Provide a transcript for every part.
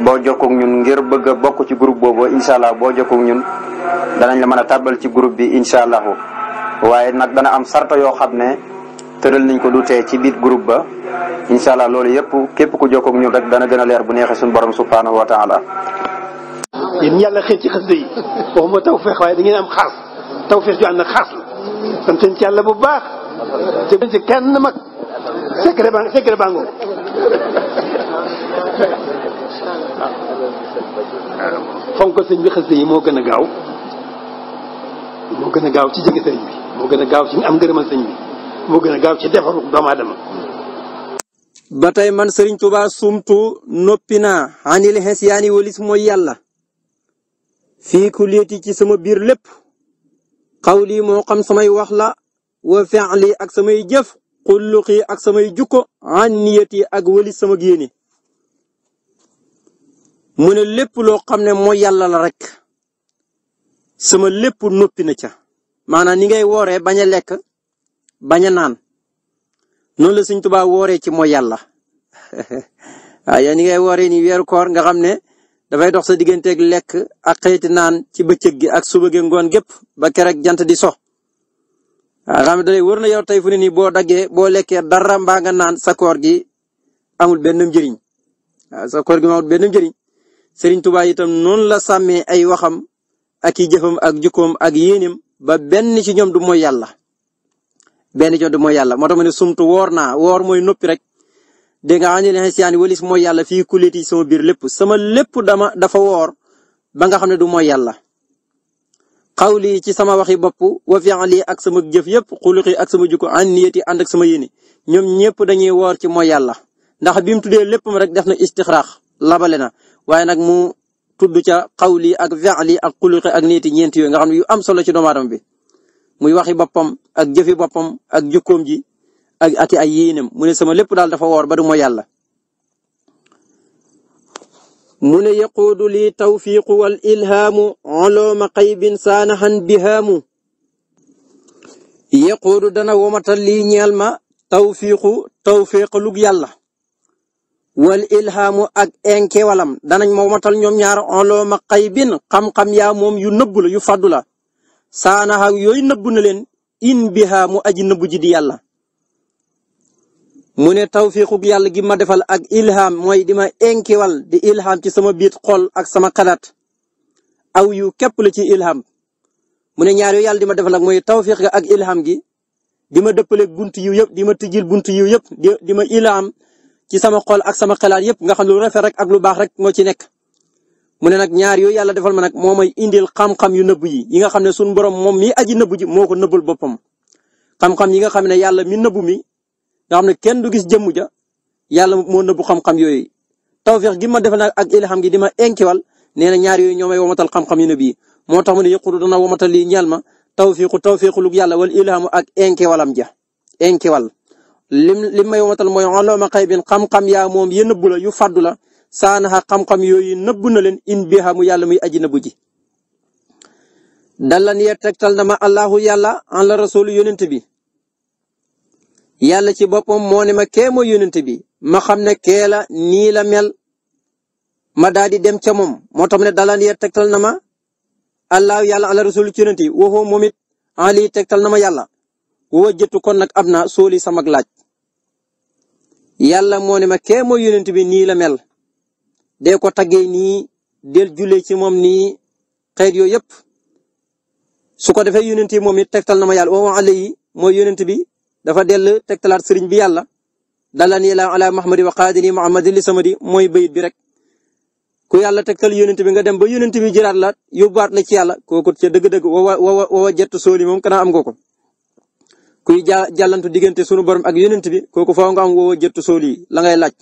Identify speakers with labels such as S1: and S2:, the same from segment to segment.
S1: boo jokkook ñun ngir bëgg bokk ci groupe boobu incha allah boo jokkook ñun danañ la mën a tàbbal ci groupe bi incha allahu waaye nag dana am sarto yoo xam ne tëral nañ ko du tee ci biir groupe ba incha loolu yëpp képp ku jokkook ñun rek dana gën a leer bu neexee suñu borom subhanahu wa taala yéen yàlla xëy ci xas yi waxuma tawfeex waaye da am xaas tawfeex ju ànd ak xaas la santañ ci yàlla bu baax te buñ ci kenn mag secret ba secret baa fonk sëñ bi xasida yi moo gën a gaaw moo gën a gaaw ci jege sëñ bi moo gën a gaaw ci am ngërëmal moo gën a gaaw ba tey man sëriñ Tuubaa sumtu noppi naa anil xes yaani walis mooy yàlla fii kuliyati ci sama biir lépp xawli moo xam samay wax la wa fi'li ak samay jëf xulluqi ak samay jukko an niyati ak walis sama yéene mu ne lépp loo xam ne mooy yàlla la rek sama lépp noppi na ca maanaam ni ngay wooree bañ a lekk bañ a naan noonu la Sëñ Tuubaa wooree ci mooy yàlla waaw yow ni ngay wooree ni weeru koor nga xam ne dafay dox sa digganteeg lekk ak xëyti naan ci bëccëg gi ak suba gi gépp ba keroog jant di so waaw xam ne dalay na yow tey fu ne nii boo daggee boo lekkee dara mbaa nga naan sa koor gi amul benn njëriñ waaw sa gi amul benn sëriñ Tuubaa itam noonu la sàmmee ay waxam ak i jëfam ak jukkoom ak yéeneem ba benn ci ñoom du mooy yàlla benn ci ñoom du mooy yàlla moo tax ma ne sumtu woor na woor mooy noppi rek dégg nga anil insaani walis mooy yàlla fii kuleti sama biir lépp sama lépp dama dafa woor ba nga xam ne du mooy yàlla xawli ci sama waxi bopp wa fi'li ak sama jëf yëpp xuluqi ak sama jukko an niyati ànd ak sama yéene ñoom ñëpp dañuy woor ci mooy yàlla ndax bi tuddee lépp rek def na istixraax labale na waaye nag mu tudd ca xawli ak fi'li ak xuluqi ak niiti ñeenti yooyu nga xam ne yu am solo ci doomu aadama bi muy waxi boppam ak jëfi boppam ak jukkoom ji ak ati ay yéenam mu ne sama lépp daal dafa woor ba du mooy yàlla mu ne yaquudu lii tawfiiqu wal ilhaamu olooma qaybin saanaxan bihaamu yaquudu dana womatal lii ñeel ma tawfiiqu tawfiiqalug yàlla wal ilhamu ak enkewalam danañ moo matal ñoom ñaar ulama qaybin xam-xam yaa moom yu nëbbu la yu faddu la saanaha yooyu nëbbu na leen in biha mu aji nëbbu ji di yàlla mu ne tawfiquk yàlla gi ma defal ak ilham mooy di ma enkewal di ilham ci sama biit xol ak sama xalaat aw yu képp la ci ilham mu ne ñaar yooyu yàlla di ma defal ak mooy tawfiq ga ak ilham gi di ma dëppaleeg buntu yiw yëpp di ma tijjil buntu yiw yëpp di ma ilham ci sama xol ak sama xalaat yëpp nga xam lu rafet rek ak lu baax rek moo ci nekk mu ne nag ñaar yooyu yàlla defal ma nag moo may indil xam-xam yu nëbb yi yi nga xam ne suñu borom moom mii aji nëbb ji moo ko nëbbul boppam xam-xam yi nga xam ne yàlla mi nëbb mi nga xam ne kenn du gis jëmm ja yàlla moo nëbb xam-xam yooyu tawfeex gi ma defal ak ilham gi di ma enkiwal nee na ñaar yooyu ñoo may womatal xam-xam yu nëbb yi moo tax mu ne yëqulu dana womatal lii ñeel ma tawfiiqu tawfiiqu lu yàlla wal ilhamu ak enkiwalam ja enkiwal lim li may womatal mooy ulama xaybin xam-xam yaa moom yi nëbbu yu fàddu la saanaxa xam-xam yooyu nëbbu na leen in biha mu yàlla muy aji nëbbu ji. dallan tegtal na ma allahu yàlla an la bi yàlla ci boppam moo ne ma kee mooy bi ma xam ne kee la la mel ma dem ca moom moo ne dallan yee na ma allahu la rasul ci yonent yi it ali tegtal na ma yàlla woo jëttu kon nag am na sooli samag laaj. yàlla moone ma kee mooy yonent bi nii la mel dee ko taggee ni del jullee ci moom ni xeet yooyu yëpp su ko defee yonent yi moom it tegtal na ma yàlla wa alayhi mooy yonent bi dafa dell tegtalaat sëriñ bi yàlla dala ni la ala mahamadi wa qaadini mahamadi li samadi mooy bayit bi rek ku yàlla tegtal yonent bi nga dem ba yonent bi jëraat la yóbbuwaat la ci yàlla kooku ca dëgg-dëgg wa wa wa wa jett sooli moom kanaa am nga ko kuy ja jàllantu diggante sunu borom ak yonent bi kooku faaw nga am woo jëttu sool yi la ngay laaj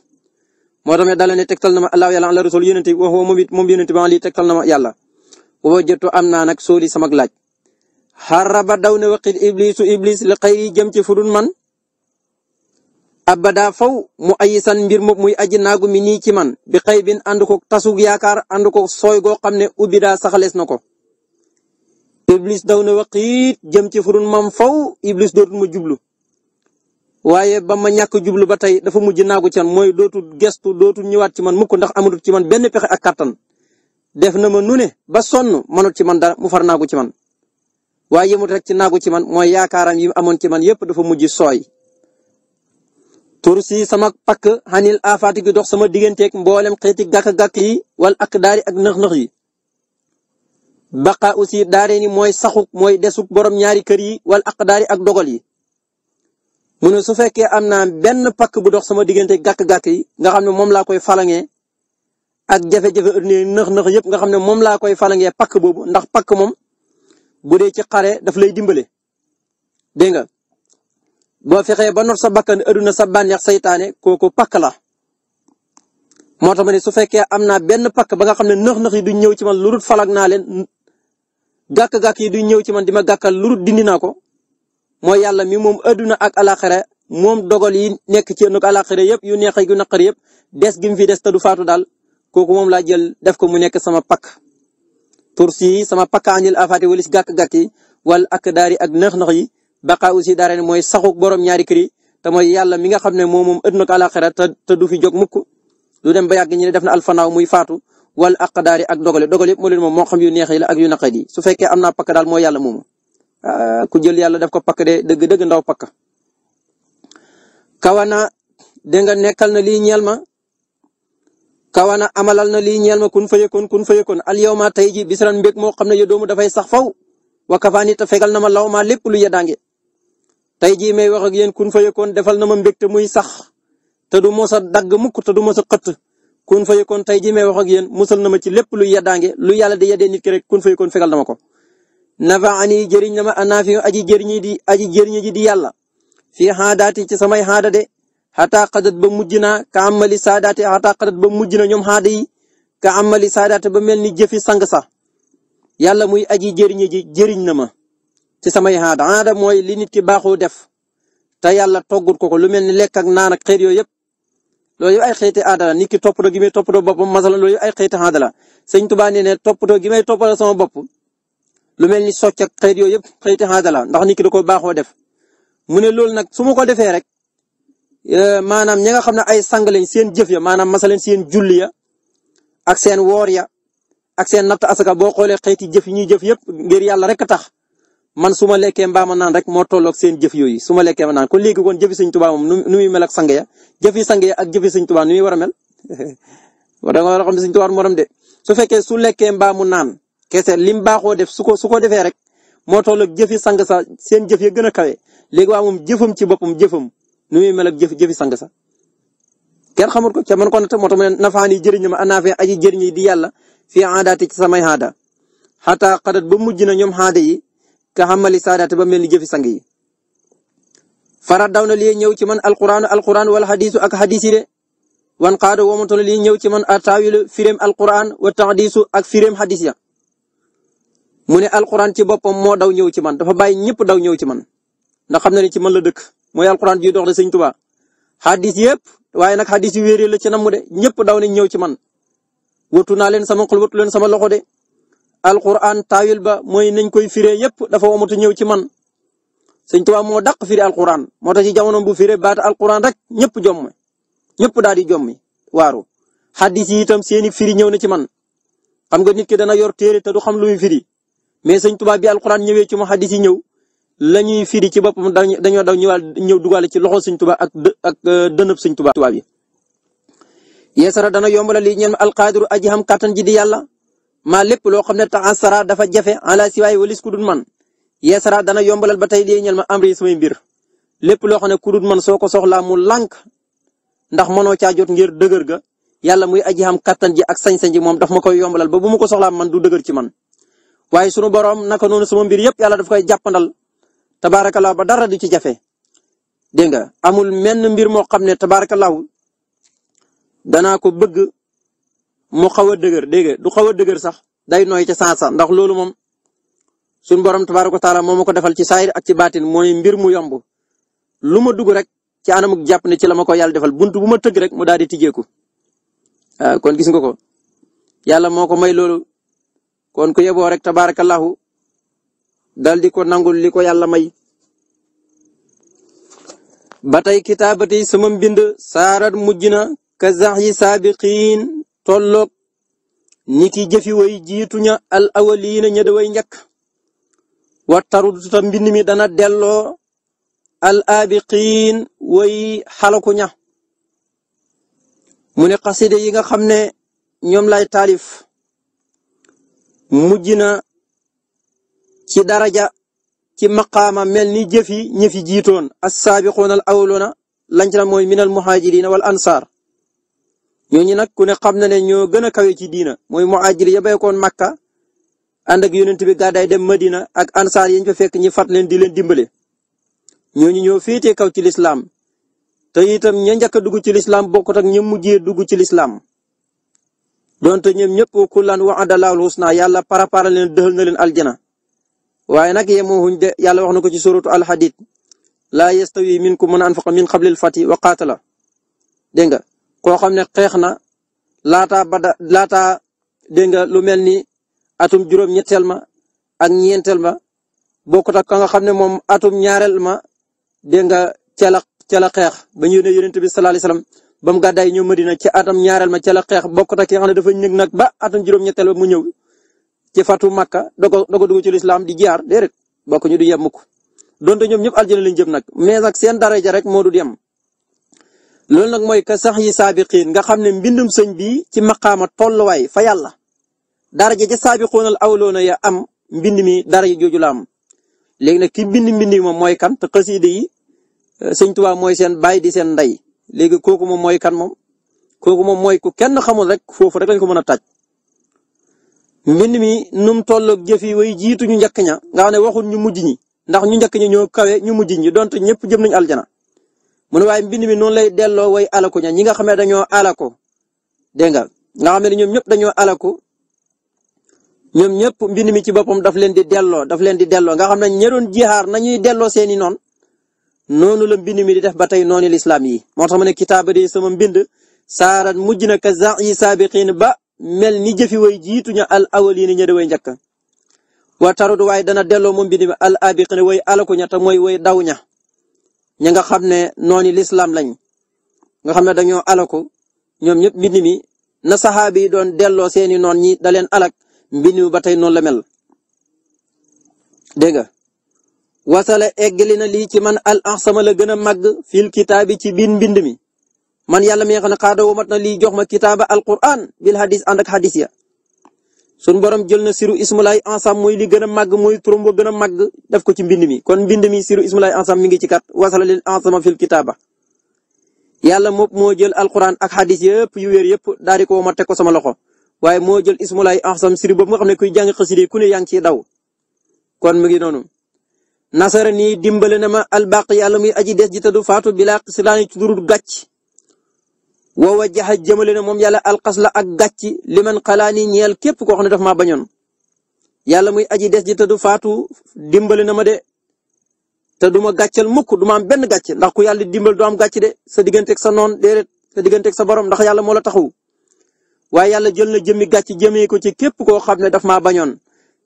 S1: moo tax dala ne na ma allah yàlla la rasul yonent bi wax woo moom it moom bi lii na ma yàlla woo jëttu am naa nag sool yi sama laaj daw na waqil iblisu iblis li xayri jëm ci man abada faw mu ayisan mbir moom muy aji naagu mi nii ci man bi xëy bin ànd ko tasug yaakaar ànd ko sooy goo xam ne ubbi daa saxalees na ko iblis daw na waqiit jëm ci furun mam faw iblis dootul ma jublu waaye ba ma ñàkk jublu ba tey dafa mujj naagu ci man mooy dootul gestu dootu ñëwaat ci man mukk ndax amatul ci man benn pexe ak kattan def na ma nu ne ba sonn mënut ci man dara mu far naagu ci man waaye yemut rek ci naagu ci man mooy yaakaaram yi amoon ci man yépp dafa mujj sooy tur si sama pakk xanil afaati gi dox sama digganteeg mboolem xeeti gàkk-gàkk yi wala ak daari ak nëx-nëx yi baqa aussi daaree ni mooy saxuk mooy desuk boroom ñaari kër yi wala daari ak dogal yi mu ne su fekkee am naa benn pakk bu dox sama diggante gàkk-gàkk yi nga xam ne moom laa koy falangee ak jafe-jafe nëx-nëx yëpp nga xam ne moom laa koy falangee pakk boobu ndax pakk moom bu dee ci xare daf lay dimbale dégg nga boo fexee ba not sa bakkan adduna sa bànneex seytaane kooku pakk la moo tax ma ne su fekkee am naa benn pakk ba nga xam ne nëx-nëx yi du ñëw ci man lu dul falag naa leen gàkk-gàkk yi du ñëw ci man di ma gàkkal lu dul dindi naa ko mooy yàlla mi moom adduna ak alaxira moom dogal yi nekk ci ënnuk alaxira yëpp yu neex yu naqar yëpp des gi mu fi des te du faatu daal kooku moom laa jël def ko mu nekk sama pakk pour si sama pakk anil afaati walis gàkk-gàkk yi wala ak daari ak nax-nax yi baqaa aussi daara ne mooy saxu borom ñaari kër yi mooy yàlla mi nga xam ne moom moom ënnuk alaxira te te du fi jóg mukk du dem ba yàgg ñu ne def na alfanaaw muy faatu wal aqdaari ak dogale dogale yëpp moom moo xam yu neex yi la ak yu naqari yi su fekkee am naa pakk daal mooy yàlla moomu ah, ku jël yàlla def ko pakk de dëgg dëgg ndaw pakk kawana dégg nga nekkal na lii ñeel ma kawana amalal na lii ñeel ma kun fayakoon kun fayakoon al yow ma tey ji bisran mbég moo xam ne yo doomu dafay sax faw wa kafaani te fegal na ma law ma lépp lu yeddaange tey jii may wax ak yéen kun fayakoon defal na ma mbég muy sax te du mos a dagg mukk du mos a xëtt kun fa kon tey jii may wax ak yéen musal na ma ci lépp lu yeddaange lu yàlla di yeddee nit rek kun fa yëkkoon fegal na ma ko. nafaani jëriñ na ma anaafi aji jëriñi di aji jëriñi ji di yàlla fii xaadaati ci samay xaada de xataa xadat ba mujj naa ka amali saadaati xataa xadat ba mujj na ñoom xaada yi ka amali saadaati ba mel ni jëfi sang sa yàlla muy aji jëriñi ji jëriñ na ma ci samay xaada xaada mooy li nit ki baaxoo def te yàlla toggut ko ko lu mel ni lekk ak naan ak xeet yooyu yëpp loolu yëpp ay xeeti aada la nit ki toppatoo gi may toppatoo boppam masala loolu yëpp ay xeeti aada la sëñ Tuubaa nee ne toppatoo gi may toppatoo sama bopp lu mel ni socc ak xeet yooyu yëpp xeeti aada la ndax nit ki da ko baaxoo def mu ne loolu nag su ma ko defee rek eh, maanaam ñi nga xam ne ay sang lañ seen jëf ya maanaam masalan seen julli ya ak seen woor ya ak seen natt asaka boo xoolee xeeti jëf yi ñuy jëf yëpp ngir yàlla rek tax man su ma lekkee mbaa ma naan rek moo tolloog seen jëf yooyu su ma lekkee ma naan kon léegi kon jëfi sëñ Tuubaa moom nu muy mel ak sang ya jëfi sang ak jëfi sëñ Tuubaa nu muy war a mel da nga war a xam ne sëñ Tuubaa morom de su fekkee su lekkee mbaa mu naan kese lim baaxoo def su ko su ko defee rek moo tolloog jëfi sang sa seen jëf ya gën a kawe léegi waa moom jëfam ci boppam jëfam nu muy mel ak jëf jëfi sang sa kenn xamul ko ca man kon moo tax ma ne nafaani jëriñ ma anaafe aji jëriñ di yàlla fii aadaati ci samay aada xataa xadat ba mujj na ñoom aada yi ka xamali saadaat ba mel ni jëfi sang fara daw na lii ñëw ci man alquran alquran wala xadiisu ak xadiis yi de wan qaado womatu na lii ñëw ci man a ataawilu fireem alquran wa taxdiisu ak fireem xadiis ya mu ne alquran ci boppam moo daw ñëw ci man dafa bàyyi ñëpp daw ñëw ci man ndax xam na ne ci man la dëkk mooy alquran ji dox de sëñ Tuubaa xadis yëpp waaye nag xadis yu la ci namu de ñëpp daw nañ ñëw ci man watu naa leen sama xol sama loxo de alquran taawil ba mooy nañ koy firee yépp dafa wamatu ñëw ci man sëñ Tuubaa moo dàq firi alquran moo tax ci jamono bu firee baata alquran rek ñëpp jomm ñëpp daal di jommi waaru xaddis yi itam seeni firi ñëw na ci man xam nga nit ki dana yor téere te du xam lu muy firi mais sëñ Tuubaa bi alquran ñëwee ci ma xaddis yi ñëw lañuy ñuy firi ci boppam dañoo daw ñëwaal ñëw dugaale ci loxo sëñ Tuubaa ak dë ak euh, dënëb sëñ Tuubaa bi. yeesara dana yombala li ñeen aji xam kàttan ji di yàlla maa lépp loo xam ne sara dafa jafe ala siwaay walis ku dul man yeesara dana yombalal ba tey dee ñel ma amri samay mbir lépp loo xam ne ku man soo ko soxlaa mu lànk ndax mënoo caa jot ngir dëgër ga yàlla muy aji kattan ji ak sañ-sañ ji moom daf ma koy yombalal ba bu ma ko soxlaa man du dëgër ci man waaye sunu borom naka noonu sama mbir yëpp yàlla daf koy jàppandal tabaarakallaahu ba dara du ci jafe dégg nga amul menn mbir moo xam ne tabaarakallaahu danaa ko bëgg mu xaw a dëgër dégg du xaw a dëgër sax day nooy ca saa sa ndax loolu moom suñ borom tabaaraka taala moo ma ko defal ci saayir ak ci baatin mooy mbir mu yomb lu ma dugg rek ci anamuk jàpp ne ci la ma ko yàlla defal bunt bu ma tëgg rek mu daal di tijjeeku ah, kon gis nga ko yàlla moo ko may loolu kon ku yeboo rek tabaarakallahu dal di ko nangul li ko yàlla may ba tey sama mbind saarat mujj na ka zax yi saabiqiin tolloog niki jëfi way jiitu ña al awaliina ña da way njëkk wa taruduta mbind mi dana delloo al abiqiin way xalaku ña mu ne xaside yi nga xam ne ñoom lay taalif mujj na ci daraja ci maqaama mel ni jëfi ñi fi jiitoon as saabiquuna al awluuna lañ ca mooy minal muhaajiriina wal ansaar ñooñu nag ku ne xam na ne ñoo gën a kawe ci diina mooy muhajir ya baykoon Makka ànd ak yonent bi gàddaay dem Madina ak ansaar yañ fa fekk ñi fat leen di leen dimbale. ñoo ñooñu ñoo féetee kaw ci lislaam te itam ña njëkk a dugg ci lislaam bokko ak ña mujjee dugg ci lislaam donte ñoom ñëpp kullan wa'ada Allahul husna yàlla parapara leen dëxal na leen aljana waaye nag yemoo de yàlla wax na ko ci suratu alxadid laa yastawi minkum man anfaqa min qabli alfati wa qaatala dégg koo xam ne xeex na laataa ba da dégg nga lu mel ni atum juróom-ñetteel ma ak ñeenteel ma bokkut ak ka nga xam ne moom atum ñaareel ma dégg nga ca la ca la xeex ba ñu ne yonent bi sallallahu alayhi wasallam ba mu gàddaay ñëw Madina ci atam ñaareel ma ca la xeex bokkut ak ki nga xam ne dafa ñëg nag ba atum juróom-ñetteel ba mu ñëw ci fatu Makka dogo dogo dugg ci lislaam di jaar déedéet ñu du yem mukk donte ñoom ñëpp aljana lañ jëm nag mais nag seen daraja rek moo du yem. loolu nag mooy ka sax yi saabiqiin nga xam ne mbindum sëñ bi ci maqaama tolluwaay fa yàlla daraja ja saabiquunal awloona ya am mbind mi daraja jooju la am léegi nag ki mbind mbind mi moom mooy kan te xasida yi eh, sëñ Tuubaa mooy seen baay di seen ndey léegi kooku moom mooy kan moom kooku moom mooy ku kenn xamul rek foofu rek lañ ko mën a tàj mbind mi num tolloog jëf yi way jiitu ñu njëkk ña nga xam ne waxul ñu mujj ñi ndax ñu njëkk ña ñoo kawe ñu mujj ñi donte ñëpp jëm nañ aljana mu ne waaye mbind mi noonu lay delloo way alaku ña ñi nga xam ne dañoo alako dégg nga nga xam ne ñoom ñëpp dañoo alaku ñoom ñëpp mbind mi ci boppam daf leen di delloo daf leen di delloo nga xam ne ñi doon jihaar nañuy dello seeni noon noonu la mbind mi di def ba tey noonu lislaam yi moo tax ne kitaaba di sama mbind saaran mujj na ka zan yi saabiqiin ba mel ni jëfi way jiituñu al awaliin ña di way njëkk wa tarud waaye dana delloo moom mbind mi al abiqiin way alaku ña te daw ña ñi nga xam ne noonu lislaam lañ nga xam ne dañoo alaku ñoom ñëpp mbind mi na saxaabi doon delloo seeni noon ñi da leen alak mbind mi ba tey noonu la mel dégg nga wasala eggali na lii ci man al ahsama la gën a màgg fil kitaabi ci biir mbind mi man yàlla mi nga xam ne xaadawoo mat na lii jox ma kitaaba alquran bil hadis ànd hadis ya suñ borom jël na siru ismulaay ensemble mooy li gën a màgg mooy turam ba def ko ci mbind mi kon mbind mi siru ismulaay ensemble mi ngi ci kat wasala lil fil kitaaba yàlla moo jël alquran ak xadis yëpp yu wér yëpp daal di ko ma teg ko sama loxo waaye moo jël ismulaay ensemble siru boobu nga xam ne kuy jàng xasida ku ne yaa ngi ciy daw kon mu ngi noonu nasara nii dimbale na ma albaq yàlla muy aji des ji te du faatu bilaa xislaani ci durul gàcc woo wa jaxa jëmale na moom yàlla alxas la ak gàcc li man xalaa ni ñeel képp koo xam ne daf maa bañoon yàlla muy aji des ji te du faatu dimbale na ma de te du ma gàcceel mukk duma am benn gàcce ndax ku yàlla dimbal du am gàcce de sa digganteeg sa noon déedéet sa digganteeg sa borom ndax yàlla moo la taxaw waaye yàlla jël na jëmmi gàcce jëmee ko ci képp koo xam ne daf maa bañoon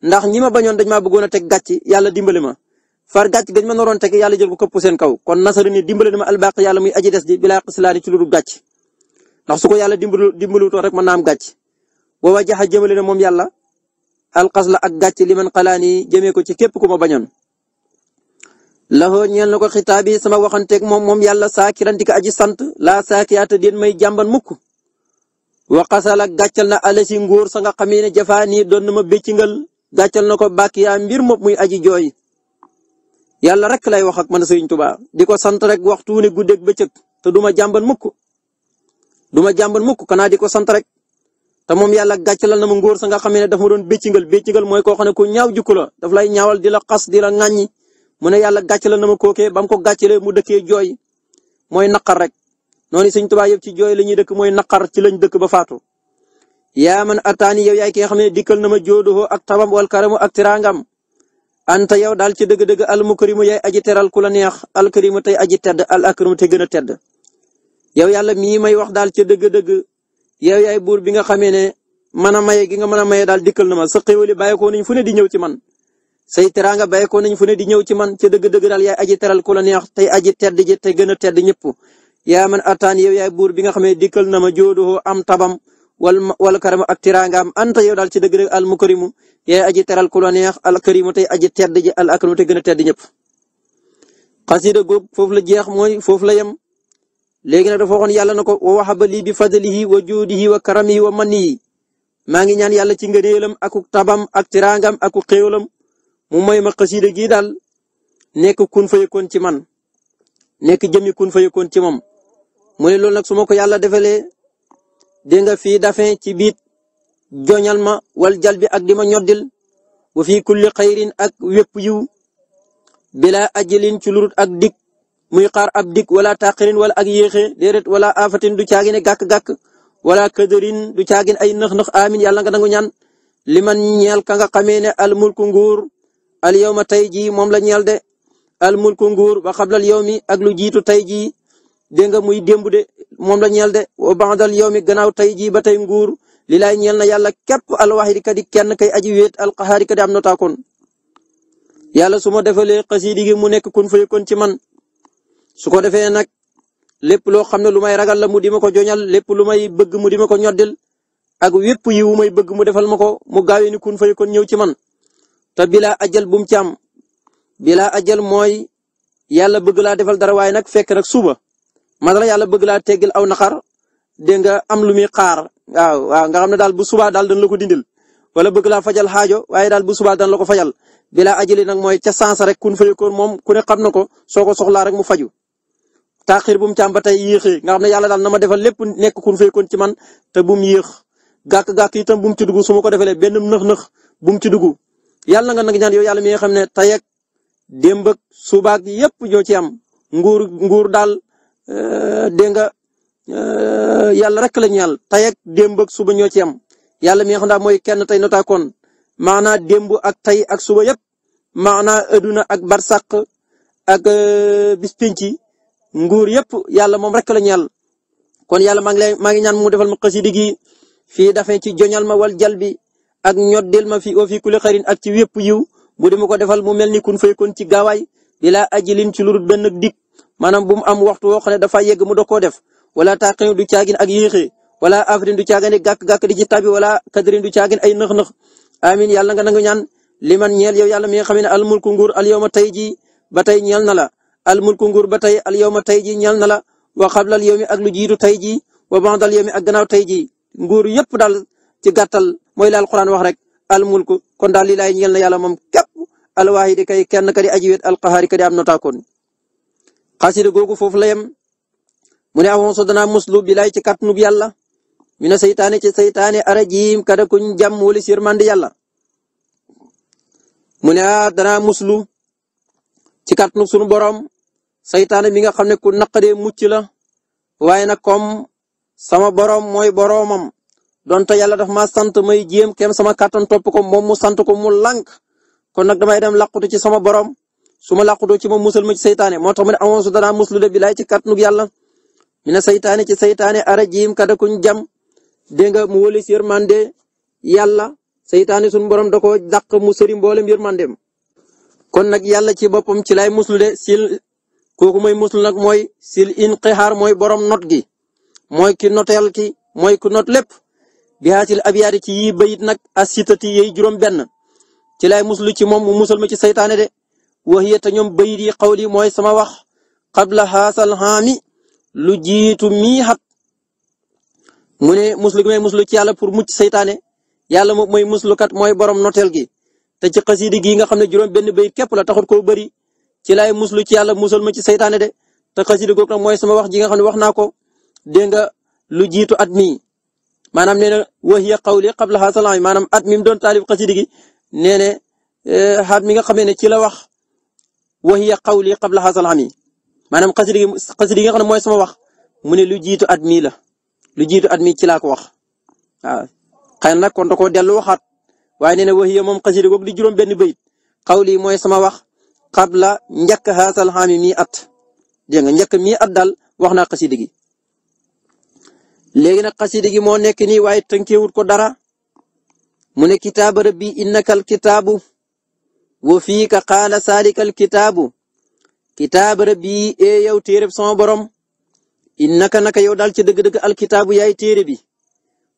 S1: ndax ñi ma bañoon dañ maa bëggoon a teg gàcce yàlla dimbale ma far gàcc gañ ma naroon teg ko këpp seen kaw kon nasara ni dimbale na ma albaq yàlla ndax su ko yàlla dimbalu dimbaluutoo rek mën naa am gàcc wa wajaxa jëmale na moom yàlla alxas la ak gàcc li man xalaani jëmee ko ci képp ku ma bañoon. laxoo ñeel na ko xitaabi sama waxanteeg moom moom yàlla saakiran di ko aji sant laa saakiyaata den may jàmban mukk. waxasal ak gàccal na ala si nguur sa nga ni ne jafaa nii doon na ma béccingal gàccal na ko bàkk mbir moom muy aji jooy. yàlla rek lay wax ak man sëriñ Tuubaa di ko sant rek waxtu wu ne guddeeg bëccëg te duma jàmban mukk du ma jàmbat mukk kanaa di ko sant rek te moom yàlla gàccalal na ma ngóor sa nga xam ne daf ma doon béccingal béccingal mooy ko xam ne ku ñaaw jukku la daf lay ñaawal di la xas di la ŋàññi mu ne yàlla gàccalal na ma kookee ba mu ko gàccalee mu dëkkee jooy mooy naqar rek noonu sëñ Tuubaa yëpp ci jooy la ñuy dëkk mooy naqar ci lañ dëkk ba faatu yaa man ataani yow yaay ki nga xam ne dikkal na ma joodohoo ak tabam wal karamu ak tiraangam anta yow daal ci dëgg-dëgg al mukrimu yaay aji teral ku la neex al karimu tey aji tedd al akrimu te gën a tedd yow yàlla mii may wax daal ca dëgg-dëgg yow yaay buur bi nga xamee ne mën a maye gi nga mën a maye daal dikkal na ma sa xéwali bàyyeekoo nañ fu ne di ñëw ci man say teraanga bàyyeekoo nañ fu ne di ñëw ci man ca dëgg-dëgg daal yaay aji teral ku la te tey aji tedd ji te gën a tedd ñëpp yaa man attaan yow yaay buur bi nga xamee dikkal na ma jooduhoo am tabam wal wal karama ak teraangaam anta yow daal ci dëgg-dëgg al mukarimu yaay aji teral ku la neex al karimu tey aji tedd ji al akramu te gën a tedd ñëpp xasida googu foofu la jeex mooy foofu la yem léegi nag dafa waxoon yàlla na ko wa wahaba lii bi fadlihi wa juudihi wa karamihi wa mannihi maa ngi ñaan yàlla ci ngëneelam ak tabam ak tiraangam ak xéewalam mu may ma xasida gii daal nekk kun fa ci man nekk jëmi kun fa yëkkoon ci moom mu ne loolu nag su ma ko yàlla defalee dégg nga fii dafin ci biit joñal ma wal jal bi ak di ma ñoddil wa fii kulli xayrin ak wépp yiw bila ajalin ci lurut ak dik muy xaar ab dig wala taaxirin wala ak yéexe déedéet wala afatin du caagin gàkk-gàkk wala këdërin du caagin ay nëx-nëx amin yàlla nga nangu ñaan li man ñeel ka nga xamee ne al mulku nguur al yow ma tey jii moom la ñeel de al mulku nguur ba xablal yow mi ak lu jiitu tey jii dégg nga muy démb de moom la ñeel de wa ba'dal yow mi gannaaw tey ji ba tey nguur li laay ñeel na yàlla képp al kadi kenn kay aji wéet al kadi am na taakoon yàlla su ma defalee mu nekk kun fayakun su ko defee nag lépp loo xam ne lu may ragal la mu di ma ko joñal lépp lu may bëgg mu di ma ko ñoddil ak wépp yi wu may bëgg mu defal ma ko mu gaawee ni kun fay kon ñëw ci man te bilaa ajal bum ci am bilaa ajal mooy yàlla bëgg laa defal dara waaye nag fekk nag suba matala yàlla bëgg laa teggil aw naqar dégg nga am lu muy xaar waaw nga xam ne daal bu subaa daal dañ la ko dindil wala bëgg laa fajal xaajo waaye daal bu subaa dañ la ko fajal bilaa ajali nag mooy ca sens rek kun fay kon moom ku ne xam na ko soo ko soxlaa rek mu faju taaxir bu mu ci am ba tey yéexee nga xam ne yàlla daal nama ma defal lépp nekk kun fekkoon ci man te bu mu yéex gàkk-gàkk itam bu mu ci dugg su ma ko defalee benn nëx-nëx bu mu ci dugg yàlla nga nag ñaan yow yàlla mi nga xam ne tey ak démb ak suba ak joo ci am nguur nguur daal euh, dégg nga euh, yàlla rek la ñu yàlla tey démb ak suba ñoo ci am yàlla mi nga daal mooy kenn tey na taakoon maanaa démb ak tey ak suba yépp maanaa aduna ak barsàq ak euh, bis penc nguur yëpp yàlla moom rek la ñeel kon yàlla maa ngi lay maa ngi ñaan mu defal ma xasida gi fii dafay ci joñal ma wal jal bi ak ñoddil ma fii oo fii kule xarin ak ci wépp yiw bu dima ko defal mu mel ni kun fay kon ci gaawaay bilaa ajalin ci lu benn dik maanaam bu mu am waxtu woo xam ne dafa yegg mu doog koo def wala taqin du caagin ak yéexee wala afrin du caagin gàkk-gàkk di ci tabi wala kadrin du caagin ay nëx-nëx amin yàlla nga nangu ñaan liman ñeel yow yàlla mi nga xam ne almulku nguur al yawma tey ji ba tey ñeel na la al mulku nguur ba tey al yawma tey jii ñal na wa qabla al yawmi ak lu jiitu tey jii wa ba'da al yawmi ak gannaaw nguur yëpp dal ci gàttal mooy la alquran wax rek al kon daal lii laay ñeel na yàlla moom képp kay kenn ka di aji wet al qahaari am notaakoon xasida googu foofu la yem mu ne awonso danaa muslu bilaay ci kàttanug yàlla mi ne seytaane ci seytaane arajiim kada kuñ jàmm wala sirmandi yàlla mu ne ah, danaa muslu ci kàttanug sunu borom saytaane mi nga xam ne ku naqadee mucc la waaye nag kom sama borom mooy boromam donte yàlla daf ma sant may jéem kem sama kàttan topp ko moom mu sant ko mu lànk kon nag damay dem làqutu ci sama borom su ma làqutoo ci ma musal ma ci seytaane moo tax ma ne amoon su danaa muslu de bilaay ci kàttanug yàlla mi ne saytaane ci saytaane arajim kada kuñ jam dégg nga mu wëlis yërmande yàlla saytaane sunu borom da koo dàq mu sëri mboolem yërmandeem kon nag yàlla ci boppam kooku mooy muslu nag mooy sil inqixaar mooy borom not gi mooy ki noteel ki mooy ku not lépp bi haatil abiyaati ci yi bayit nag as sitati yey juróom benn ci lay muslu ci moom mu musal ma ci seytaane de waxiya te ñoom bayit yi xawli mooy sama wax qabla haasal haami lu jiitu mii xat mu ne muslu gi may muslu ci yàlla pour muc seytaane yàlla moom mooy kat mooy borom noteel gi te ci xasiidi gi nga xam ne juróom benn bayit képp la taxut koo bëri ci laay muslu ci yàlla musal ma ci saytaane de te xasida googu nag mooy sama wax ji nga xam ne wax naa ko dégg nga lu jiitu at mii maanaam nee na wa hiya qawli qabla hasalan maanaam at mi mu doon taalif xasida gi nee na xaat eh, mi nga xamee ne ci la wax wa hiya qawli qabla hasalan mi maanaam xasida gi xasida nga xam ne mooy sama wax mu ne lu jiitu at mii la lu jiitu at mii ci laa ko wax waaw na nag da koo dellu waxaat waaye nee na wa hiya moom xasida googu di juróom benn bayit qawli mooy sama wax qabla njëkk haasal xaami mii at dégg nga njëkk at dal wax naa xasida gi léegi nag xasida moo nekk nii waaye tënkeewut ko dara mu ne kitaaba rabbi innakal kitaabu wa fiika qaala saalikal kitaabu kitaaba rabbi ee yow téereb sama borom innaka naka yow daal ci dëgg-dëgg alkitaabu yaay téere bi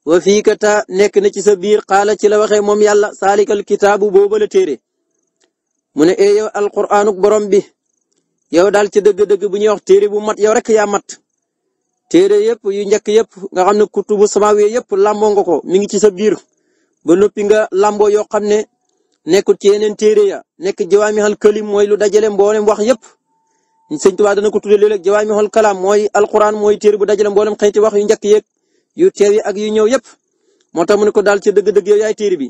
S1: wa ta nekk na ci sa biir qaala ci la waxee moom yàlla saalikal kitaabu booba la téere mu ne eh yow alquraanuk borom bi yow daal ci dëgg-dëgg bu ñuy wax téere bu mat yow rek yaa mat téere yëpp yu njëkk yëpp nga xam ne kutubu samawi yëpp làmboo nga ko mi ngi ci sa biir ba noppi nga làmboo yoo xam ne nekkul ci yeneen téere ya nekk jawaamihal kalim mooy lu dajale mboolem wax yëpp sëñ Tuubaa dana ko tuddee léeg-léeg jawaamihal kalaam mooy alquran mooy téere bu dajale mboolem xeeti wax yu njëkk yeeg yu teew yi ak yu ñëw yëpp moo tax mu ne ko daal ci dëgg-dëgg yow yaay téere bi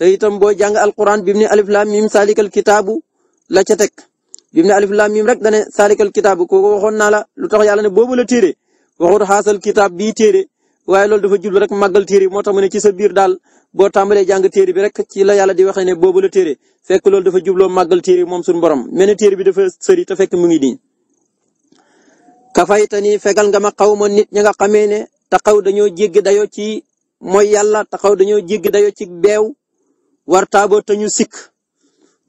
S1: te itam booy jàng alquran bi mu ne alif laam miim saalikal kitaabu la ca teg bi mu rek da ne saalikal kitaabu kooku waxoon naa la lu tax yàlla ne boobu la téere waxut xaasal kitaab bii téere waaye loolu dafa jublu rek màggal téere moo tax mu ne ci sa biir daal boo tàmbalee jàng téere bi rek ci la yàlla di waxee ne boobu la téere fekk loolu dafa jubloo màggal téere moom suñu borom mel ne téere bi dafa sëri te fekk mu ngi nii. kafaytani fegal nga ma xaw ma nit ñi nga xamee ne taxaw dañoo jéggi dayoo ci mooy yàlla taxaw dañoo jéggi dayoo ci beew wartaaboo te ñu sikk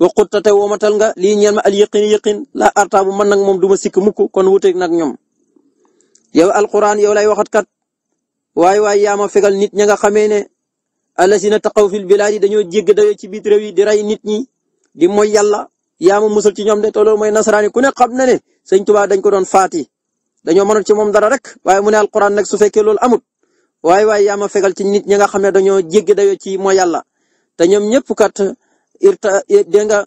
S1: waxut te tey womatal nga lii ñeel ma al yaqin yaqin laa artaabu man nag moom du ma sikk mukk kon wuteeg nag ñoom. yow alquran yow lay waxat kat waay waay yaa ma fegal nit ña nga xamee ne alasina taqaw fil bilaadi dañoo jégg dayoo ci biir réew yi di rey nit ñi di mooy yàlla yaa ma musal ci ñoom de te loolu mooy nasaraani ku ne xam na ne sëñ Tuubaa dañ ko doon faati dañoo mënul ci moom dara rek waaye mu ne alquran nag su fekkee loolu amut waay waay yaa ma fegal ci nit ñi nga xam ne dañoo jégg dayoo ci mooy yàlla. te ñoom ñëpp kat irta dégg nga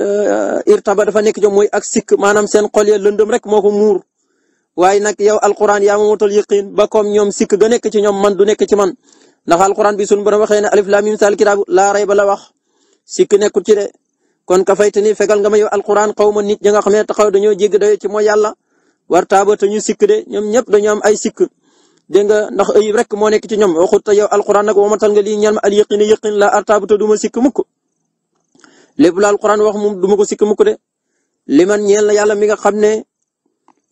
S1: euh, irtaba dafa nekk jom mooy ak sikk maanaam sen xol ya lëndëm rek moo ko muur waaye nag yow alquran yaa ma wutal ba comme ñoom sikk ga nekk ci ñoom man du nekk ci man ndax alquran bi suñu borom waxee ne alif lam mim sal kitaab laa rayba la wax sikk nekkul ci de kon ka fayte ni fegal nga ma yow alquran xaw ma nit ñi nga xam da taxaw dañoo jégg dayo ci mooy yàlla war taaba te ñu sikk de ñoom ñëpp dañoo am ay sikk dégg nga ndax ayib rek moo nekk ci ñoom waxut yow alquran nag wamatal nga lii ñeel ma al yaqin yaqin laa artaabu te du ma sikk mukk lépp la wax moom du ma ko sikk mukk de li man ñeel na yàlla mi nga xam ne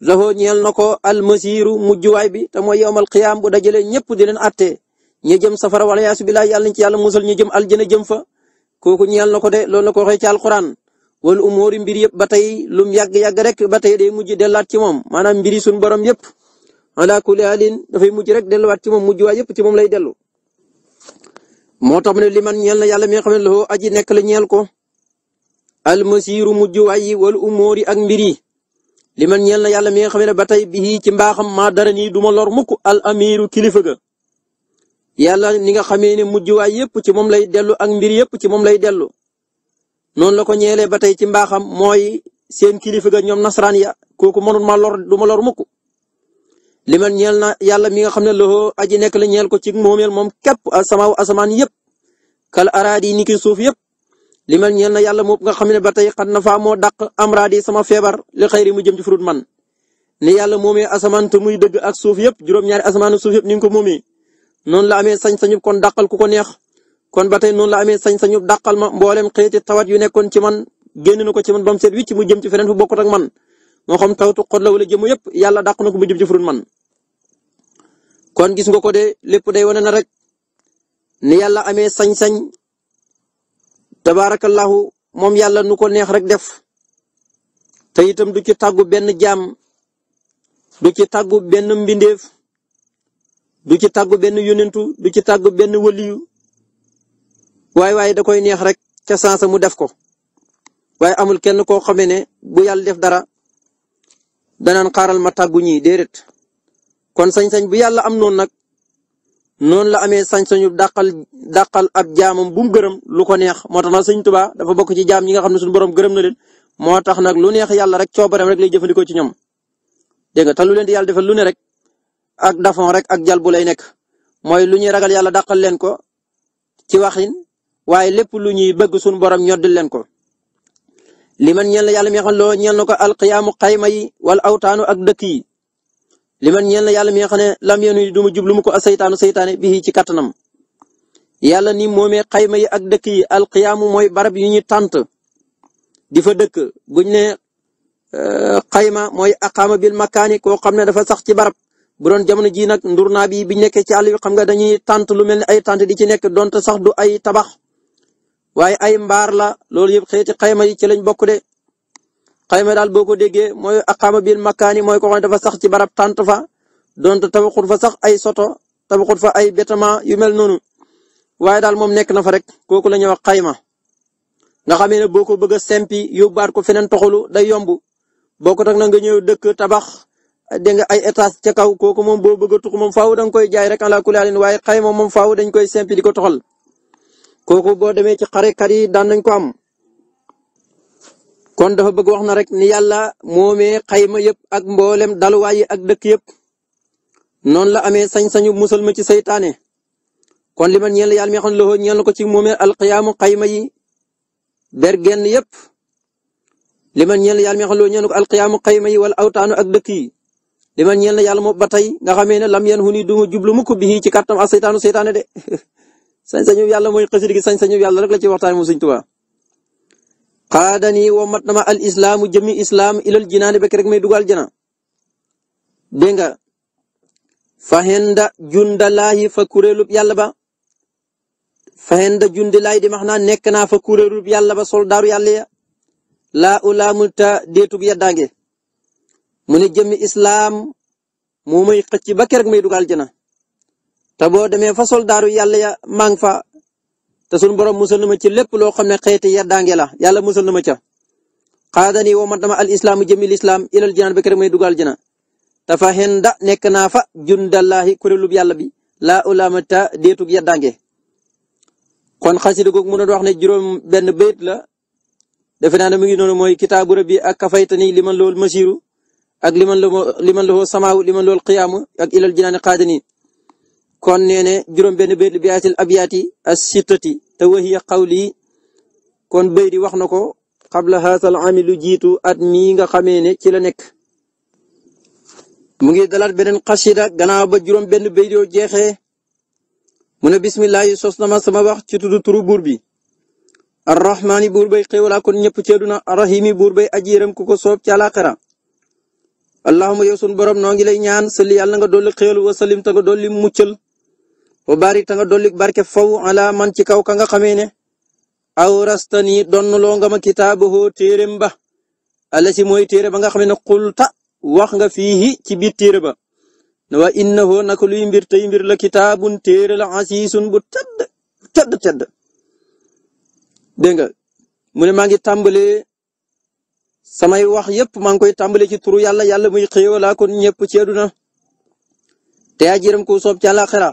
S1: lahoo ñeel na ko almasiiru mujjuwaay bi ta mooy yowmal qiyaam bu dajale ñëpp di leen àttee ñi jëm safara wala yaasu billaah yàlla nañ ci yàlla musal ñi jëm aljana jëm fa kooku ñeel na ko de loolu la ko waxee ci alquran wala umóori mbir yëpp ba tey lum yàgg-yàgg rek ba tey day mujj dellaat ci moom maanaam mbiri suñu borom yëpp ala kulli halin mujj rek delluwaat ci mom mujj waa yëpp ci moom lay dellu. moo tax mu ne li man ñeel yàlla mi nga xam aji nekk la ñeel ko. almasiiru mujj waay yi wala umóor yi ak mbir yi. li man ñeel yàlla mi nga xam ne ba tey bii ci mbaaxam maa dara nii lor mukk al amiru kilifa ga. yàlla ni nga xamee ne mujj waay yëpp ci moom lay dellu ak mbir yépp ci moom lay dellu. noonu la ko ñeelee ci mbaaxam mooy sen kilifaga ga ñoom nasaraan ya kooku mënut ma lor du lor mukk li man ñeel na yàlla mi nga xam ne loxo aji nekk la ñeel ko ci moomeel moom képp sama asamaan yëpp kal araad yi ni suuf yëpp li man ñeel na yàlla moo nga xam ne ba tey xan na faa moo dàq amraad yi sama feebar li xëyri mu jëm ci furut man ne yàlla moomee asamaan te muy dëgg ak suuf yëpp juróom-ñaari asamaan suuf yëpp ni nga ko moomee noonu la amee sañ-sañub kon dàqal ku ko neex kon ba tey noonu la amee sañ-sañub dàqal ma mboolem xeeti tawat yu nekkoon ci man génn na ko ci man ba mu seet jëm ci feneen fu bokkut ak man moo xam la wala jëmm yëpp yàlla dàq na ko mu jëm ci furut man kon gis nga ko de lépp day wane na rek ni yàlla amee sañ-sañ tabaarakallahu moom yàlla nu ko neex rek def te itam du ci tàggu benn jaam du ci tàggu benn mbindeef du ci tàggu benn yonentu du ci tàggu benn waliyu waaye waaye da koy neex rek ca sansa mu def ko waaye amul kenn koo xamee ne bu yàlla def dara danaan xaaral ma tàggu ñii déedéet kon sañ-sañ bu yàlla am noonu nag noonu la amee sañ-sañu dàqal dàqal ab jaamam bu gërëm lu ko neex moo tax nag sëñ Tuubaa dafa bokk ci jaam ñi nga xam ne suñu borom gërëm na leen moo tax nag lu neex yàlla rek coobareem rek lay jëfandikoo ci ñoom dégg ta lu leen di yàlla defal lu ne rek ak dafon rek ak jal bu lay nekk mooy lu ñuy ragal yàlla dàqal leen ko ci waxin waaye lépp lu ñuy bëgg suñu borom ñoddil leen ko. li man ñeel na yàlla mi xam loo ñeel na ko alqiyaamu xayma yi wala awtaanu ak dëkk yi. li man ñeel yàlla mi nga xam ne lam yenu ko a saytaanu saytaane bii ci kattanam yàlla ni moomee xayma yi ak dëkk yi alxiyaamu mooy barab yu ñu tant di fa dëkk buñ ne euh, xayma mooy aqaama bil makaani koo xam ne dafa sax ci barab bu doon jamono ji nag ndurnaa bi biñ nekkee ci àll bi xam nga dañuy tànt lu mel ni ay tànt di ci nekk donte sax du ay tabax waaye ay mbaar la loolu yëpp xeeti xayma yi ci lañ bokk de xayma daal boo ko déggee a aqaama bil makkaani mooy ko xam ne dafa sax ci barab tant fa donte tabaxut fa sax ay soto tabaxut fa ay bâtiment yu mel noonu waaye daal moom nekk na fa rek kooku la ñuy wax xayma nga xamee ne boo ko bëgg a sempi yóbbaat ko feneen toxolu da yomb boo ko tax na nga ñëw dëkk tabax dégg ay étage ca kaw kooku moom boo bëgg a tux moom faaw da nga koy jaay rek ala kulli haalin waaye xayma moom faaw dañ koy sempi di ko toxal kooku boo demee ci xarekat yi daan nañ ko am. kon dafa bëgg wax na rek ni yàlla moomee xayma yëpp ak mboolem daluwaay yi ak dëkk yëpp noonu la amee sañ-sañu musal ma ci saytaane kon li man ñeel yàlla mi xam ne loxo ñeel na ko ci moomee alxiyaamu xayma yi ber genn yëpp li man ñeel yàlla mi xam ne loxo ñeel na ko alxiyaamu xayma yi wala awtaanu ak dëkk yi li man ñeel na yàlla moom ba tey nga xamee ne lam yeen xuni du ma jublu mukk bi ci kàttam ak saytaanu saytaane de sañ-sañu yàlla mooy xasir gi sañ-sañu yàlla rek la ci waxtaan mu Sëñ Tuubaa xaadani woo mat na ma al islaamu jëmi islaam ilal jinaani bekk rek may dugal jana dégg nga fahenda jundalaahi fa kuréelub yàlla ba fahenda jundilaahi di max naa nekk naa fa kuréelub yàlla ba soldaaru yàlla ya laa ulaamu ta deetub yaddaange mu ne jëmi islaam moo may xëcc ba kerek may dugal jana te boo demee fa soldaaru yàlla ya maa fa te sunu borom musal na ma ci lépp loo xam ne xeeti yeddaange la yàlla musal na ma ca xaadani ma dama al islaamu jëmi lislaam ilal jinaan ba kër may dugal jina dafa henda nekk naa fa jundallahi kuréelub yàlla bi laa ulamata deetug yeddaange kon xasida googu mu doon wax ne juróom benn bayt la defe naa ne mu ngi noonu mooy kitaabu rabbi ak kafaytani liman lool masiru ak liman la liman la samaawu liman lool qiyaamu ak ilal jinaani xaadani kon nee ne juróom benn bayt bi atil abyaati as sittati te wahiya qawli kon bay di wax na ko qabla haasal ami lu jiitu at mii nga xamee ne ci la nekk mu ngi dalaat beneen xasida gannaaw ba juróom benn bayt yoo jeexee mu ne bismillah yi sos na ma sama wax ci tuddu turu buur bi arrahmaani buur bay xéewalaa kon ñëpp ci àdduna arrahimi buur bay aji yërëm ku ko soob ci àlaaxira allahuma yow sun borom noo ngi lay ñaan sëli yàlla nga dolli xéewal wasalim te nga dolli muccal wa barik ta nga dolli barke faw ala man ci kaw ka nga xamee ne aw nga ma kitaabahu téereem ba ala si mooy téere ba nga xam ne xulta wax nga fii ci biir téere ba wa innahu naka luy mbir tey mbir la kitaabun téere la asiisun bu tedd tedd tedd dégg nga mu ne maa ngi tàmbalee samay wax yépp maa ngi koy tàmbalee ci turu yàlla yàlla muy xéewalaa kon ñëpp ci àdduna te ajiram ko soob ci àllaaxira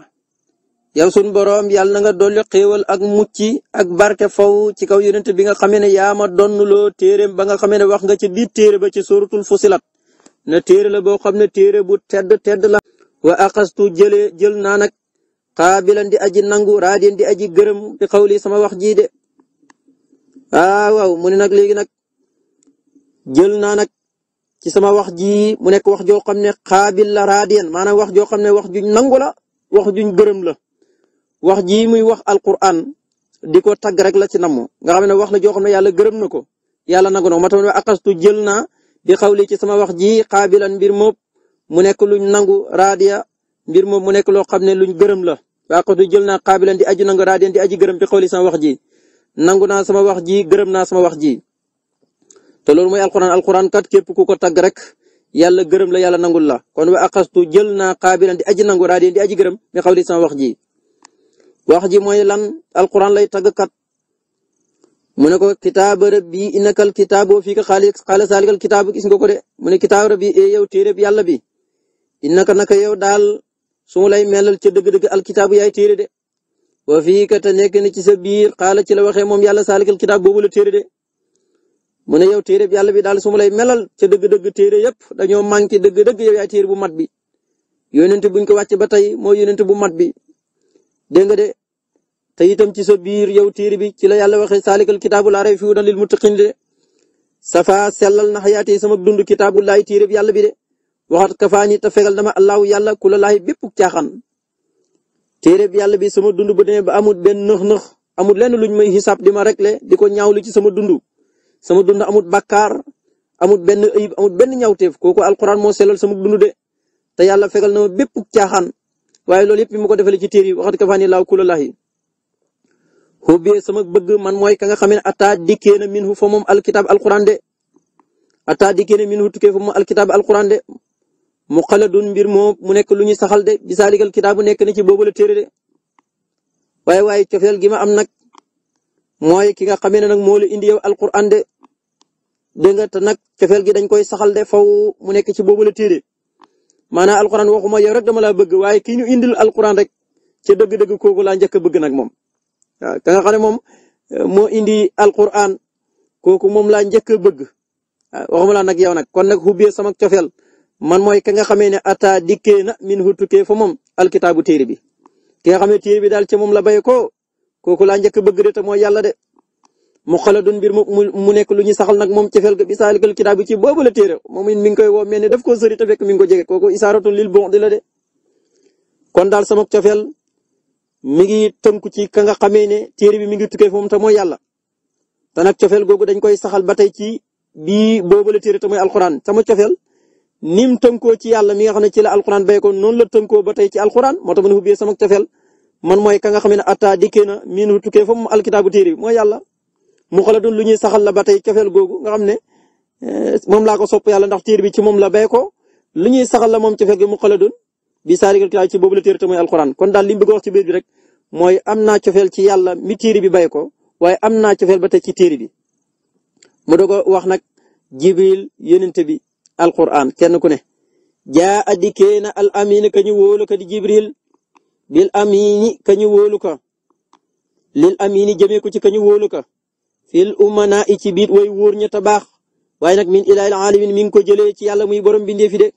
S1: yow sun boroom yàlla na nga dolli xéewal ak mucc ak barke faw ci kaw yonent bi nga xamee ne yaa ma donnloo téereem ba nga xamee ne wax nga ci biir téere ba ci suratul fusilat ne téere la boo xam ne téere bu tedd tedd la wa axastu jële jël naa nag xaabilan di aji nangu raadin di aji gërëm bi xawli sama wax jii de ah waaw mu ne nag léegi nag jël naa nag ci sama wax ji mu nekk wax joo xam ne xaabil wax joo xam ne wax juñ nangu la wax juñ gërëm la wax ji muy wax alquran di ko tagg rek la ci namm nga xam ne wax na joo xam ne yàlla gërëm na ko yàlla nangu na ma tamit akastu jël naa bi xawli ci sama wax ji xaabilan mbir moom mu nekk luñ nangu radia mbir moom mu nekk loo xam ne luñ gërëm la waa akastu jël naa xaabilan di aji nangu radia di aji gërëm bi xawli sama wax ji nangu naa sama wax ji gërëm naa sama wax ji te loolu mooy alquran alquran kat képp ku ko tagg rek yàlla gërëm la yàlla nangul la kon wa akastu jël naa xaabilan di aji nangu radia di aji gërëm bi xawli sama wax ji wax ji mooy lan alquran lay tàggkat mu ne ko kitaaba rabbi innakal kitaaboo fii ka xaali xaala saalikal kitaabu gis nga ko de mu ne kitaaba rabbi e yow téereb yàlla bi innaka naka yow daal su lay melal ca dëgg-dëgg alkitaabu yaay téere de wa fii ka ci sa biir ci la waxee moom yàlla saalikal kitaab boobu la téere de ne yow téereb yàlla bi daal su lay melal ca dëgg-dëgg tere yëpp dañoo manqué dëgg-dëgg yow yaay téere bu mat bi yonent buñ ko wàcc ba tey mooy yonent bu mat bi dégg nga de te itam ci sa biir yow téere bi ci la yàlla waxee saalikal kitaabu laa rayba fiihi hudan lil muttaqiin de safa sellal na xayaati sama dund kitaabu laay téere bi yàlla bi de waxat kafaani ta fegal dama allahu yàlla ku la laay bépp caaxaan téere bi yàlla bi sama dund bu demee ba amul benn nëx-nëx amul lenn luñ may xisaab di ma réglé di ko ñaawlu ci sama dund sama dund amut bakkaar amut benn ayib amul benn ñaawteef kooku alquran moo sellal sama dund de te yàlla fegal na ma bépp caaxaan waaye loolu yëpp bi mu ko defalee ci téere yi waxat kafaa ni laaw kulalahi xubbee sama bëgg man mooy ka nga xam ne ataa dikkee na minhu fa moom alkitab alquran de ataa dikkee na minhu tukkee fa moom alkitab alquran mu xaladun mbir moom mu nekk lu ñu saxal de bisaaligal kitaabu nekk na ci boobu la téere de waaye waaye cofeel gi ma am nag mooy ki nga xamee ne nag moo indi yow alquran de dégg nga te nag cofeel gi dañ koy saxal de faw mu nekk ci boobu la téere maanaam alxuraan waxuma yow rek dama laa bëgg waaye ki ñu indil alxuraan rek ca dëgg-dëgg kooku la njëkk a bëgg nag moom. waaw ka nga ne moom eh, moo indi alxuraan kooku moom laa njëkk a bëgg ah, waxuma laa nag yow nag kon nag xubbee sama cofeel man mooy ka nga xamee ne ataa dikkee na min hu tukkee fa moom alkitaabu téere bi. ki nga xam ne téere bi daal ca moom la bay ko kooku laa njëkk bëgg de te mooy yàlla de mu xaladun mbir mu mu nekk lu ñu saxal nag moom ci fel ga bi saalikal kitaab bi ci boobu la téere moom it mi ngi koy woo mel ni daf koo sori te fekk mi ko jege kooku lil bon de kon daal sama cofeel mi ngi tënku ci ka nga xamee ne téere bi mi ngi tukkee foofu te mooy yàlla te nag cofeel googu dañ koy saxal ba tey ci bii boobu la téere te sama cofeel ni mu tënkoo ci yàlla mi nga xam ne ci la alxuraan bay ko noonu la tënkoo ba tey ci alxuraan moo tax ma ne hubbee sama cofeel man mooy ka nga xam ne atta dikkee na miinu tukkee fa mu alkitaabu téere bi mooy yàlla mu xalaatun lu ñuy saxal la ba tey cofeel googu nga xam ne eh, moom laa ko sopp yàlla ndax téere bi ci moom la bay ko lu ñuy saxal la moom cofeel gi mu xalaatun bi saarigal kitaab ci boobu la téere te mooy alxuraan kon daal li mu bëgg wax ci biir bi rek mooy am naa cofeel ci yàlla mi téere bi bay ko waaye am naa cofeel ba tey ci téere bi mu doog wax nag jibril yonente bi alxuraan kenn ku ne jaa adikee na al amina ka ñu wóolu ko di jibril bil amini ka ñu wóolu ko lil amini jëmee ko ci kañu ñu wóolu fil umana i ci biit way wóor ña ta baax waaye nag min ilaahil alamin mi ngi ko jëlee ci yàlla muy borom bindee fi de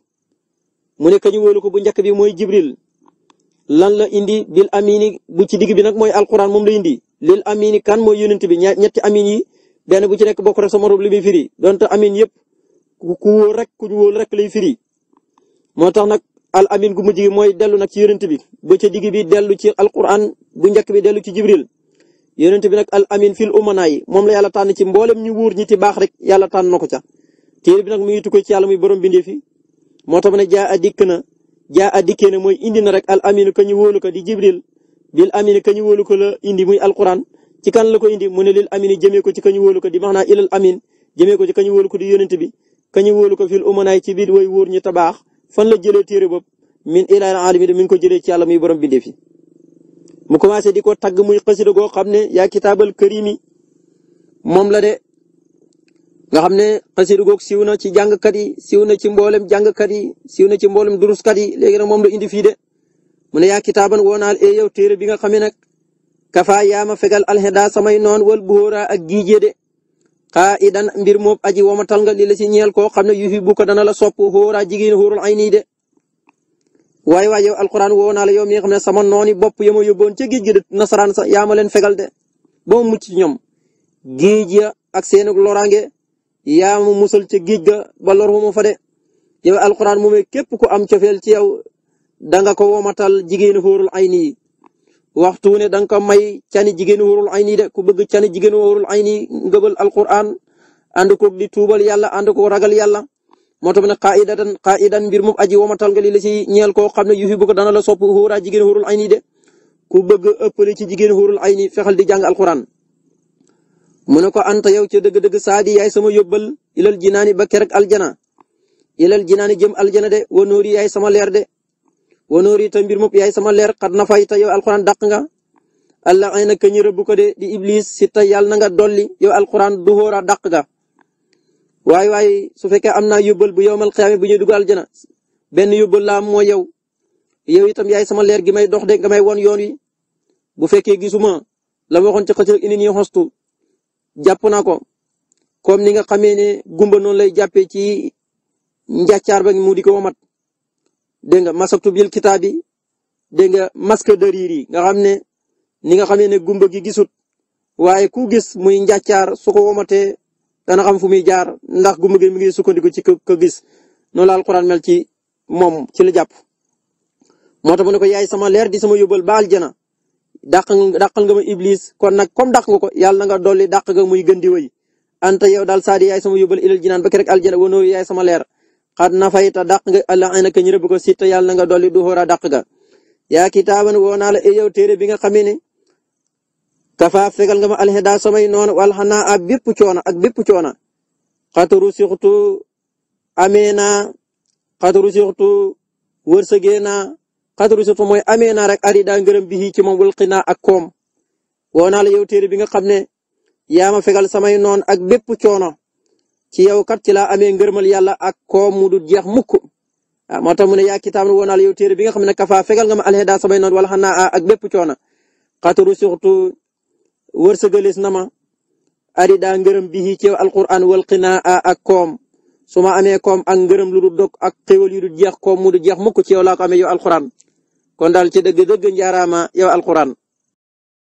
S1: mu ne kañu wóolu ko bu njëkk bi mooy jibril lan la indi bil amini bu ci digg bi nag mooy alquran moom la indi lil amini kan mooy yonent bi ñetti amin yi benn bu ci nekk bokk rek sa morom li muy firi donte amin yëpp ku wóor rek ku ñu rek lay firi moo tax nag al amin gu mujj gi mooy dellu nag ci yonent bi ba ca digg bi dellu ci alquran bu njëkk bi dellu ci jibril yonent bi nag al amin fil umana yi moom la yàlla tànn ci mboolem ñu wóor ñi ci baax rek yàlla tànn na ko ca téere bi nag mu ngi tukkee ci yàlla muy borom bindee fi moo tax ma ne jaa a dikk na jaa a mooy indi na rek al amin ka ñu wóolu ko di jibril bil amin ka ñu wóolu la indi muy alquran ci kan la ko indi mu ne lil amin jëmee ko ci ka ñu wóolu ko di maanaam ilal amin jëmee ko ci ka ñu wóolu ko di yonent bi ka ñu wóolu ko fil umana yi ci biir way wóor ñi fan la jëlee téere boobu min ilal alamin ko jëlee ci yàlla muy borom bindee fi mu commencé di ko tagg muy xasida goo xam ne yaa kitaabal karimi moom la de nga xam ne xasida goog siiw na ci jàngkat yi siiw na ci mboolem jàngkat yi siiw na ci mboolem duruskat yi léegi nag moom la indi fii de mu ne yaa kitaaban woonaal e yow téere bi nga xam ne nag kafa yaama fegal alxeda samay noon wal buhóora ak giijee de xaa idan mbir moom aji womatal nga li la si ñeel ko xam ne yu fi bu ko dana la sopp hóora jigéen hóorul ay nii de waaye waaye yow alquran woo naa la yow mi nga xam ne sama nooni bopp ya ma yóbboon ca géej gi de nasaraan sax yaa ma leen fegal de ba ma mucc ci ñoom ya ak seen loraange yaa musal ca géej ga ba lor wu ma fa de yow alquran moom képp ku am cofeel ci yow danga ko womatal jigéenu xóorul ay nii waxtu ne danga ko may cani jigéenu xóorul ay nii de ko bëgg cani jigéenu xóorul ay nii ngëbal alquran ànd koog di tuubal yàlla ànd ko ragal yàlla. moo tax mu ne qaidatan qaidan mbir moom aji womatal nga li la ci ñeel koo xam ne yu fi bëgg dana la sopp xuuraa jigéen xuurul ayni de ku bëgg ëppale ci jigéen xuurul ayni fexal di jàng alquran mu ne ko anta yow ca dëgg-dëgg saadi yaay sama yóbbal ilal jinaani ba kerek aljana ilal jinaani jëm aljana de wa noori yaay sama leer de wa noori ta mbir moom yaay sama leer xat na fay ta yow alquran daq nga allah ay na ka ñu ko de di iblis si ta yàlla na nga dolli yow alquran du xóora dàq waaye waaye su fekkee am naa yóbbal bu yowmal xiyaame bu ñuy dugg aljana benn yóbbal la am moo yow yow itam yaay sama leer gi may dox de nga may won yoon wi bu fekkee gisuma la ma waxoon ci xëcc rek indi nii xostu naa ko comme ni nga xamee ne gumba noonu lay jàppee ci njàccaar ba mu di ko womat dégg nga masaktu bil kitaab bi dégg nga masque de yi nga xam ne ni nga xamee ne gumba gi gisut waaye ku gis muy njàccaar su ko dana xam fu muy jaar ndax gu mu mi ngi sukkandiku ci ko gis noonu la alquran mel ci mom ci lu jàpp. moo tax mu ne ko yaay sama leer di sama yobal baal jana dàq nga nga ma iblis kon nag comme dàq nga ko yàlla nga dolli dàq nga muy gën di wëy anta yow daal saadi yaay sama yóbbal ilal jinaan ba rek aljana wanoo yaay sama leer xad na fayta dàq nga ala anaka ñu bu ko sitta yàlla nga dolli du xóora dàq ga yaa kitaaban woo naa la e yow téere bi nga xamee ne kafa fegal nga ma alxeda samay noonu wal xanaa ab bépp coono ak bépp coono xaturu sixtu amee naa xaturu sixtu wërsëgee naa xaturu sixtu mooy amee naa rek ari daa ngërëm bi ci moom wul xinaa ak koom woo naa la yow téere bi nga xam ne yaa ma fegal samay noon ak bépp coono ci yow kat ci laa amee ngërëmal yàlla ak koom mu du jeex mukk ah moo tax mu ne yaa kitaab woo naa yow téere bi nga xam ne kafa fegal nga ma alxeda samay noon wal xanaa ak bépp coono xaturu sixtu wërsëgalis na ma aridaa ngërëm bi ci alquran wal qinaa ak koom su ma amee koom ak ngërëm lu du dog ak xéwal yu du jeex koom mu du jeex mukk ci yow laa ko yo yow alquran kon daal ci dëgg-dëgg njaaraama yow alquran